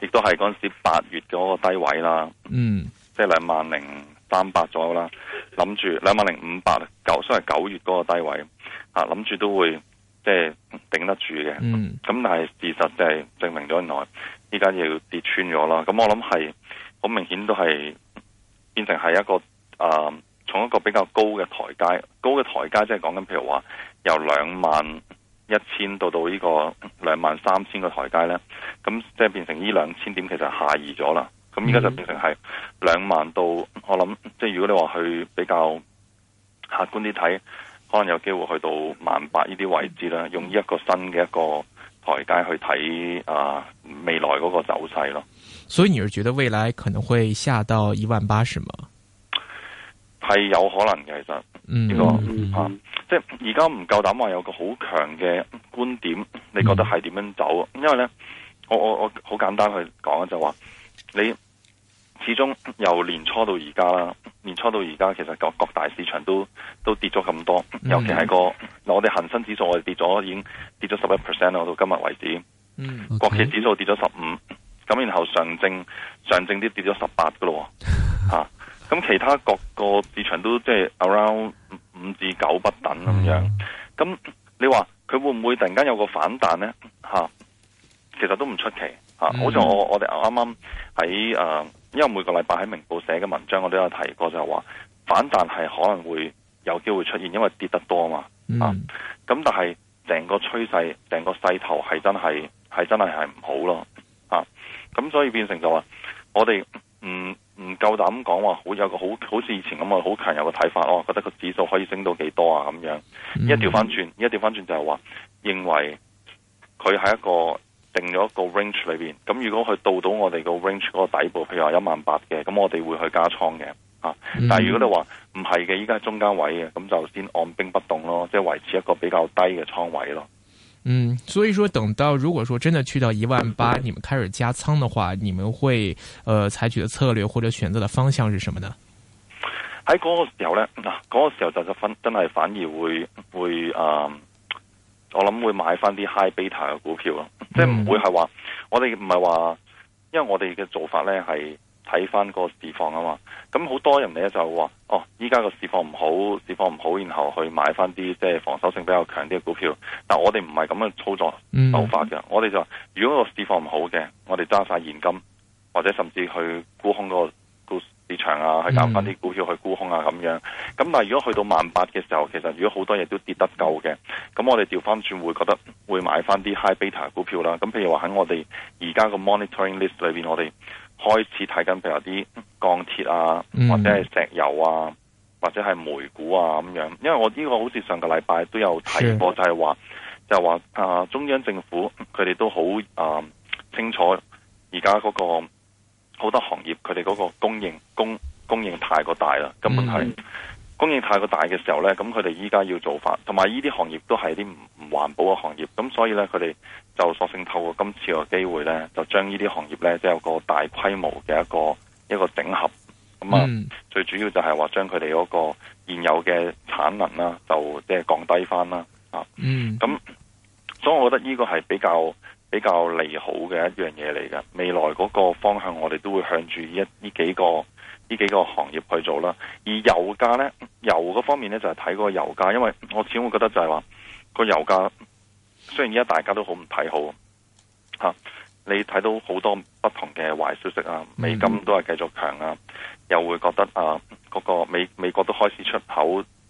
亦都係嗰陣時八月嗰個低位啦，嗯，即係兩萬零三百左右啦，諗住兩萬零五百九，雖然係九月嗰個低位，啊、嗯，諗住都會即係頂得住嘅，嗯，咁但係事實就係證明咗原來，依家要跌穿咗啦，咁我諗係好明顯都係變成係一個誒，從、呃、一個比較高嘅台階，高嘅台階，即係講緊譬如話由兩萬。一千到到呢個兩萬三千個台階咧，咁即係變成呢兩千點其實下移咗啦。咁而家就變成係兩萬到，我諗即係如果你話去比較客觀啲睇，可能有機會去到萬八呢啲位置啦。用一個新嘅一個台階去睇，啊未來嗰個走勢咯。所以你係覺得未來可能會下到一萬八係咪？係有可能嘅，其實呢個吓，即係而家唔夠膽話有個好強嘅觀點，你覺得係點樣走，嗯？因為咧，我我我好簡單去講啊，就話、是、你始終由年初到而家啦，年初到而家其實各各大市場都都跌咗咁多，嗯，尤其係個嗱、嗯，我哋恒生指數我哋跌咗已經跌咗十一 percent 啦，到今日為止，嗯，okay. 國企指數跌咗十五，咁然後上證上證啲跌咗十八噶咯，吓。 咁其他各個市場都即係 around 五至九不等咁樣，咁、嗯、你話佢會唔會突然間有個反彈呢？啊、其實都唔出奇、啊嗯、好似我我哋啱啱喺誒、因為每個禮拜喺《明報》寫嘅文章，我都有提過就係話反彈係可能會有機會出現，因為跌得多嘛，啊，咁、嗯、但係成個趨勢、成個勢頭係真係係真係係唔好咯，啊，咁所以變成就話我哋。夠膽講話好有個好好似以前咁啊，好強有個睇法咯，覺得個指數可以升到幾多啊咁樣。一調翻轉，一調翻轉就係、是、話認為佢喺一個定咗一個 range 裏邊。咁如果佢到到我哋個 range 嗰個底部，譬如話一萬八嘅，咁我哋會去加倉嘅。啊、嗯，但係如果你話唔係嘅，依家係中間位嘅，咁就先按兵不動咯，即係維持一個比較低嘅倉位咯。嗯，所以說等到如果說真的去到一萬八，你們開始加倉的話，你們會，呃，採取的策略或者選擇的方向是什麼呢？喺嗰個時候呢，嗱、嗰個時候就真分，真係反而會會啊、呃，我諗會買翻啲 high beta 嘅股票咯、嗯，即係唔會係話，我哋唔係話，因為我哋嘅做法咧係。睇翻個市況啊嘛，咁好多人咧就話：哦，依家個市況唔好，市況唔好，然後去買翻啲即係防守性比較強啲嘅股票。但我哋唔係咁樣操作手法嘅、嗯，我哋就話如果個市況唔好嘅，我哋揸晒現金，或者甚至去沽空個市場啊，去搞翻啲股票去沽空啊咁樣。咁但係如果去到萬八嘅時候，其實如果好多嘢都跌得夠嘅，咁我哋調翻轉會覺得會買翻啲 high beta 股票啦。咁譬如話喺我哋而家個 monitoring list 裏邊，我哋。開始睇緊，譬如啲鋼鐵啊，或者係石油啊，或者係美股啊咁樣。因為我呢個好似上個禮拜都有提過，就係話，就係話啊中央政府佢哋都好啊、呃、清楚，而家嗰個好多行業佢哋嗰個供應供供應太過大啦，根本係。嗯供應太過大嘅時候呢，咁佢哋依家要做法，同埋呢啲行業都係啲唔唔環保嘅行業，咁所以呢，佢哋就索性透過今次個機會呢，就將呢啲行業呢，即係有個大規模嘅一個一個整合咁啊，嗯、最主要就係話將佢哋嗰個現有嘅產能啦，就即係降低翻啦，啊，咁，所以我覺得呢個係比較比較利好嘅一樣嘢嚟嘅，未來嗰個方向我哋都會向住呢一呢幾個。呢幾個行業去做啦，而油價呢，油嘅方面呢，就係睇嗰個油價，因為我始終會覺得就係話個油價雖然而家大家都好唔睇好嚇，你睇到好多不同嘅壞消息啊，美金都係繼續強啊，又會覺得啊嗰個美美國都開始出口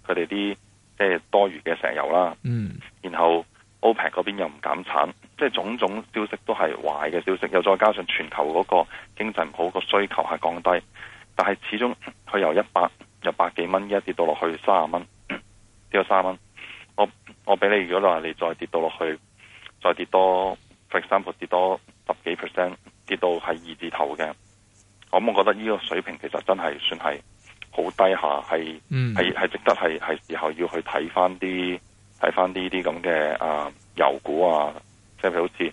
佢哋啲即係多餘嘅石油啦，嗯，然後 OPEC 嗰邊又唔減產，即係種種消息都係壞嘅消息，又再加上全球嗰個經濟唔好，個需求係降低。但係始終佢由一百由百幾蚊一跌到落去卅蚊，跌到卅蚊，我我俾你如果話你再跌到落去，再跌多，for example 跌多十幾 percent 跌到係二字頭嘅，我我覺得呢個水平其實真係算係好低下，係係係值得係係時候要去睇翻啲睇翻啲啲咁嘅啊油股啊，即係好似。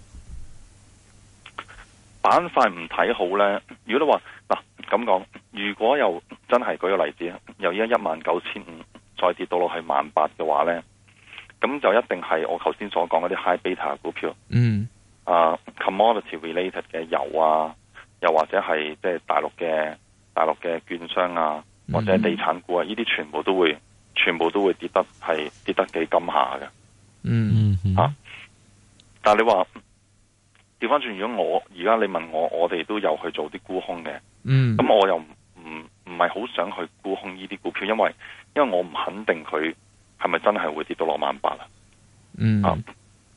板塊唔睇好咧，如果你話嗱咁講，如果又真係舉個例子啊，由而家一萬九千五再跌到落去萬八嘅話咧，咁就一定係我頭先所講嗰啲 high beta 股票，嗯，啊 commodity related 嘅油啊，又或者係即係大陸嘅大陸嘅券商啊、嗯，或者地產股啊，呢啲全部都會，全部都會跌得係跌得幾金下嘅，嗯嗯嗯，吓、啊，但係你話。調翻轉，如果我而家你問我，我哋都有去做啲沽空嘅，咁、嗯、我又唔唔係好想去沽空呢啲股票，因為因為我唔肯定佢係咪真係會跌到落萬八啊？啊，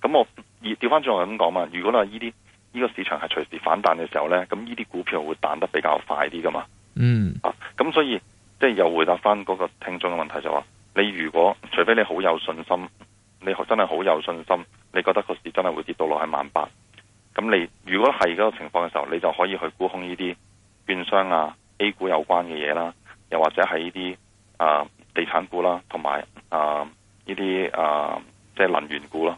咁我調翻轉我咁講嘛。如果呢啲呢個市場係隨時反彈嘅時候咧，咁呢啲股票會彈得比較快啲㗎嘛？嗯啊，咁所以即係又回答翻嗰個聽眾嘅問題就話、是，你如果除非你好有信心，你真係好有信心，你覺得個市真係會跌到落喺萬八。咁你如果係嗰個情況嘅時候，你就可以去沽空呢啲券商啊、A 股有關嘅嘢啦，又或者係呢啲啊地產股啦，同埋啊呢啲啊即係能源股啦。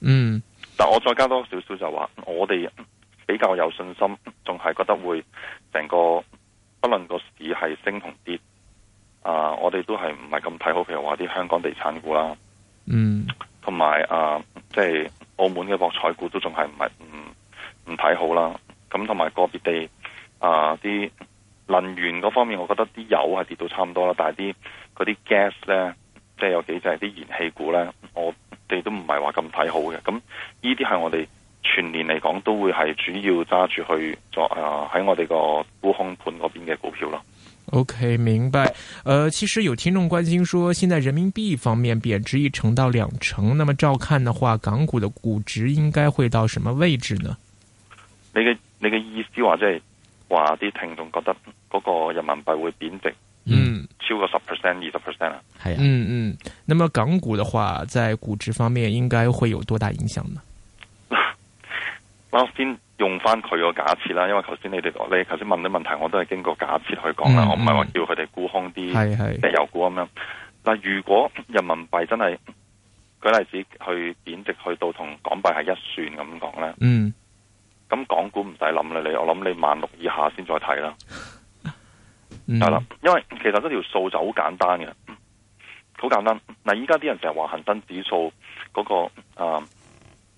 嗯。但我再加多少少就話，我哋比較有信心，仲係覺得會成個，不論個市係升同跌，啊、呃，我哋都係唔係咁睇好，譬如話啲香港地產股啦，嗯，同埋啊，即、呃、係、就係、澳門嘅博彩股都仲係唔係睇好啦，咁同埋個別地啊，啲能源嗰方面，我覺得啲油係跌到差唔多啦。但係啲嗰啲 gas 咧，即係有幾隻啲燃氣股咧，我哋都唔係話咁睇好嘅。咁呢啲係我哋全年嚟講都會係主要揸住去作誒喺我哋個沽空盤嗰邊嘅股票咯。OK，明白。誒、呃，其實有聽眾關心說，現在人民幣方面貶值一成到兩成，那麼照看的話，港股的估值應該會到什麼位置呢？你嘅你嘅意思話即係話啲聽眾覺得嗰個人民幣會貶值，嗯，超過十 percent 二十 percent 啊，係啊，嗯嗯。咁麼港股嘅話，在估值方面應該會有多大影響呢？ 我先用翻佢個假設啦，因為頭先你哋你頭先問啲問題，我都係經過假設去講啦、嗯，我唔係話叫佢哋沽空啲石油股咁樣。嗱、嗯，嗯、但如果人民幣真係舉例子去貶值，去到同港幣係一算咁講咧，嗯。咁港股唔使諗啦，我你我諗你萬六以下先再睇啦，係、mm、啦 -hmm.，因為其實呢條數就好簡單嘅，好簡單。嗱，依家啲人成日話恒生指數嗰、嗰個啊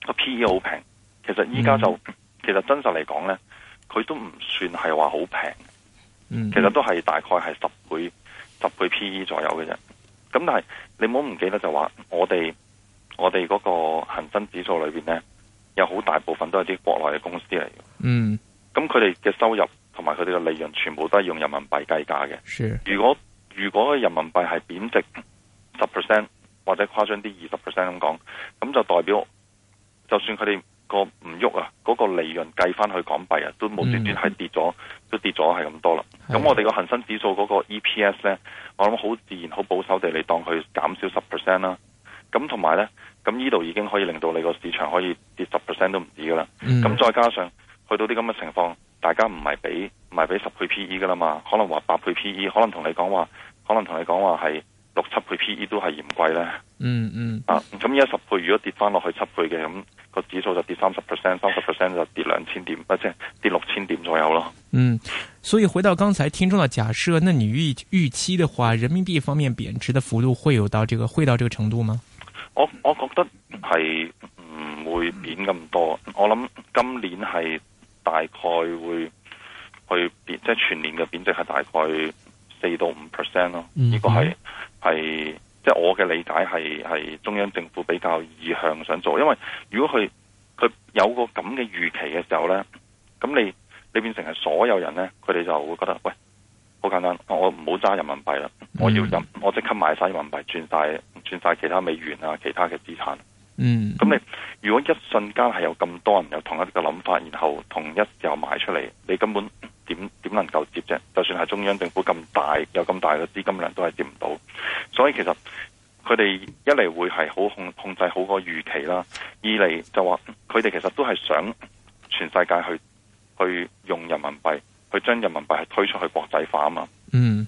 個 P E 好平，其實依家就、mm -hmm. 其實真實嚟講咧，佢都唔算係話好平，mm -hmm. 其實都係大概係十倍十倍 P E 左右嘅啫。咁但係你唔好唔記得就話我哋我哋嗰個恒生指數裏邊咧。有好大部分都係啲國內嘅公司嚟嘅，嗯，咁佢哋嘅收入同埋佢哋嘅利潤全部都係用人民幣計價嘅。是，如果如果人民幣係貶值十 percent 或者誇張啲二十 percent 咁講，咁就代表就算佢哋個唔喐啊，嗰個利潤計翻去港幣啊，都無端端係跌咗，都跌咗係咁多啦。咁我哋個恒生指數嗰個 EPS 呢，我諗好自然好保守地你當佢減少十 percent 啦。咁同埋咧，咁呢度已經可以令到你個市場可以跌十 percent 都唔止噶啦。咁再加上去到啲咁嘅情況，大家唔係俾唔係俾十倍 PE 噶啦嘛？可能話八倍 PE，可能同你講話，可能同你講話係六七倍 PE 都係嫌貴咧。嗯嗯。啊，咁依家十倍如果跌翻落去七倍嘅，咁個指數就跌三十 percent，三十 percent 就跌兩千點，或者跌六千點左右咯。嗯，所以回到剛才聽眾嘅假設，那你預預期嘅話，人民幣方面貶值嘅幅度會有到這個，會到這個程度嗎？嗯嗯。我我覺得係唔會貶咁多，我諗今年係大概會去貶，即係全年嘅貶值係大概四到五 percent 咯。呢個係係即係我嘅理解係係中央政府比較意向想做，因為如果佢佢有個咁嘅預期嘅時候呢，咁你你變成係所有人呢，佢哋就會覺得喂，好簡單，我唔好揸人民幣啦，我要咁，我即刻買晒人民幣轉晒。轉晒其他美元啊，其他嘅資產。嗯，咁你如果一瞬間係有咁多人有同一個諗法，然後同一時候賣出嚟，你根本點點能夠接啫？就算係中央政府咁大，有咁大嘅資金量，都係接唔到。所以其實佢哋一嚟會係好控控制好個預期啦，二嚟就話佢哋其實都係想全世界去去用人民幣，去將人民幣係推出去國際化啊嘛。嗯，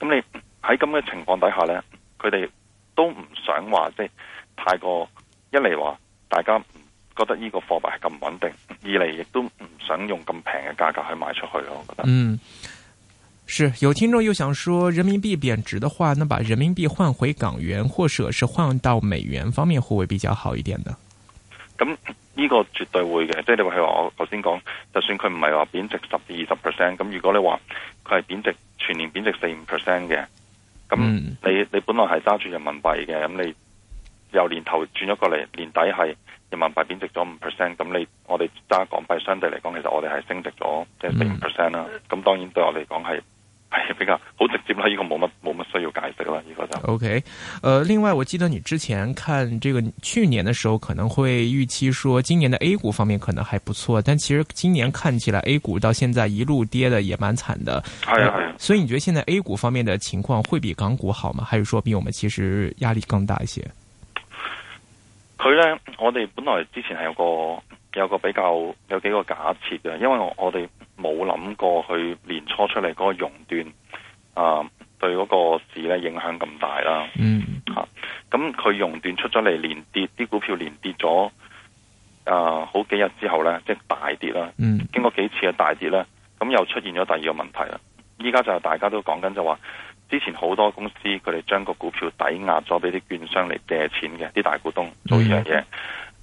咁你喺咁嘅情況底下呢，佢哋。都唔想話即係太過一嚟話大家唔覺得呢個貨幣係咁穩定，二嚟亦都唔想用咁平嘅價格去賣出去咯。我覺得嗯，是有聽眾又想說，人民幣貶值的話，那把人民幣換回港元，或者是,是換到美元方面，會唔會比較好一點呢？咁、嗯、呢、這個絕對會嘅，即係你話係我頭先講，就算佢唔係話貶值十至二十 percent，咁如果你話佢係貶值全年貶值四五 percent 嘅。咁、嗯、你你本來係揸住人民幣嘅，咁你由年頭轉咗過嚟，年底係人民幣貶值咗五 percent，咁你我哋揸港幣相對嚟講，其實我哋係升值咗即係四五 percent 啦。咁當然對我嚟講係係比較好直接啦，呢、這個冇乜。OK，呃，另外，我記得你之前看這個去年的時候，可能會預期說今年的 A 股方面可能還不錯，但其實今年看起來 A 股到現在一路跌的也蠻慘的。的呃、的所以你覺得現在 A 股方面的情況會比港股好嗎？還是說比我們其實壓力更大一些？佢呢，我哋本來之前係有個有個比較有幾個假設嘅，因為我哋冇諗過去年初出嚟嗰個熔斷啊。呃對嗰個市咧影響咁大啦，嗯，吓、啊，咁佢熔斷出咗嚟，連跌啲股票連跌咗，誒、呃，好幾日之後咧，即係大跌啦，嗯，經過幾次嘅大跌咧，咁又出現咗第二個問題啦，依家就係大家都講緊就話，之前好多公司佢哋將個股票抵押咗俾啲券商，嚟借錢嘅，啲大股東做呢樣嘢，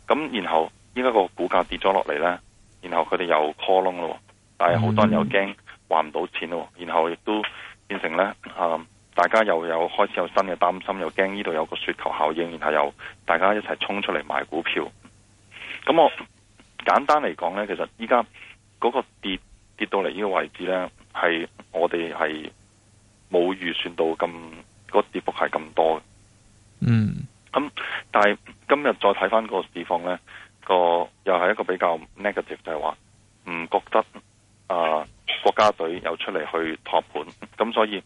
咁、嗯、然後依家個股價跌咗落嚟咧，然後佢哋又 call loan 咯，但係好多人又驚還唔到錢咯，嗯，然後亦都。變成咧，啊，大家又有開始有新嘅擔心，又驚呢度有個雪球效應，然後又大家一齊衝出嚟買股票。咁我簡單嚟講咧，其實依家嗰個跌跌到嚟呢個位置咧，係我哋係冇預算到咁個跌幅係咁多嘅。嗯。咁、嗯、但係今日再睇翻個市況咧，嗰個又係一個比較 negative，就係話，唔覺得。啊！國家隊有出嚟去托盤，咁所以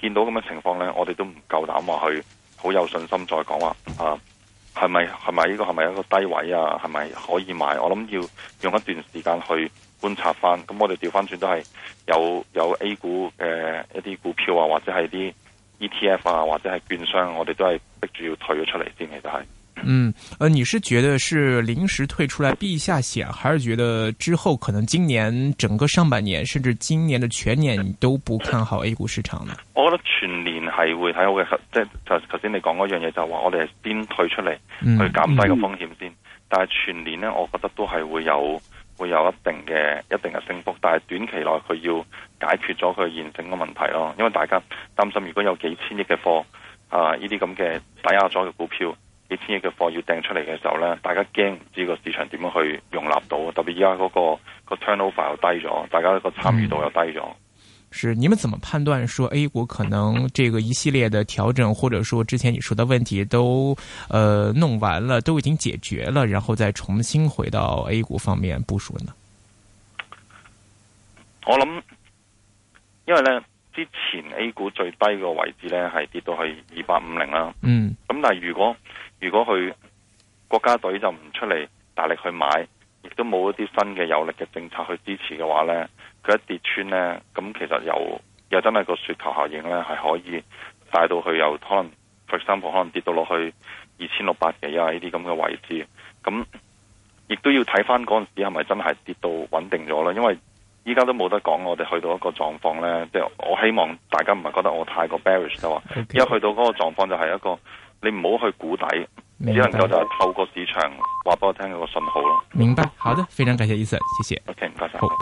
見到咁嘅情況呢，我哋都唔夠膽話去好有信心再講話啊，係咪係咪呢個係咪一個低位啊？係咪可以買？我諗要用一段時間去觀察翻。咁我哋調翻轉都係有有 A 股嘅一啲股票啊，或者係啲 ETF 啊，或者係券商，我哋都係逼住要退咗出嚟先，其實係。嗯，誒、啊，你是覺得是臨時退出來避下險，還是覺得之後可能今年整個上半年，甚至今年的全年，都不看好 A 股市場呢？我覺得全年係會睇好嘅，即係頭頭先你講嗰樣嘢就係話我哋係邊退出嚟去減低個風險先。嗯嗯、但係全年呢，我覺得都係會有會有一定嘅一定嘅升幅，但係短期內佢要解決咗佢現成嘅問題咯，因為大家擔心如果有幾千億嘅貨啊呢啲咁嘅抵押咗嘅股票。幾千億嘅貨要掟出嚟嘅時候呢，大家驚唔知個市場點樣去容納到，特別而家嗰個個 turnover 又低咗，大家個參與度又低咗。嗯。是你們怎麼判斷說 A 股可能這個一系列的調整，或者說之前你說的問題都，呃，弄完了，都已經解決了，然後再重新回到 A 股方面部署呢？我諗，因為呢之前 A 股最低個位置呢，係跌到去二八五零啦，嗯，咁但係如果如果佢國家隊就唔出嚟大力去買，亦都冇一啲新嘅有力嘅政策去支持嘅話呢佢一跌穿呢，咁其實又又真係個雪球效應呢係可以帶到去由可能，for example 可能跌到落去二千六百幾啊呢啲咁嘅位置，咁亦都要睇翻嗰陣時係咪真係跌到穩定咗啦因為依家都冇得講，我哋去到一個狀況呢，即係我希望大家唔係覺得我太過 bearish 嘅話，一、okay. 因為去到嗰個狀況就係一個。你唔好去估底，只能夠就透過市場話俾我聽個信號咯。明白，好的，非常感謝，Ethan，謝謝，OK，唔該晒，好，拜拜。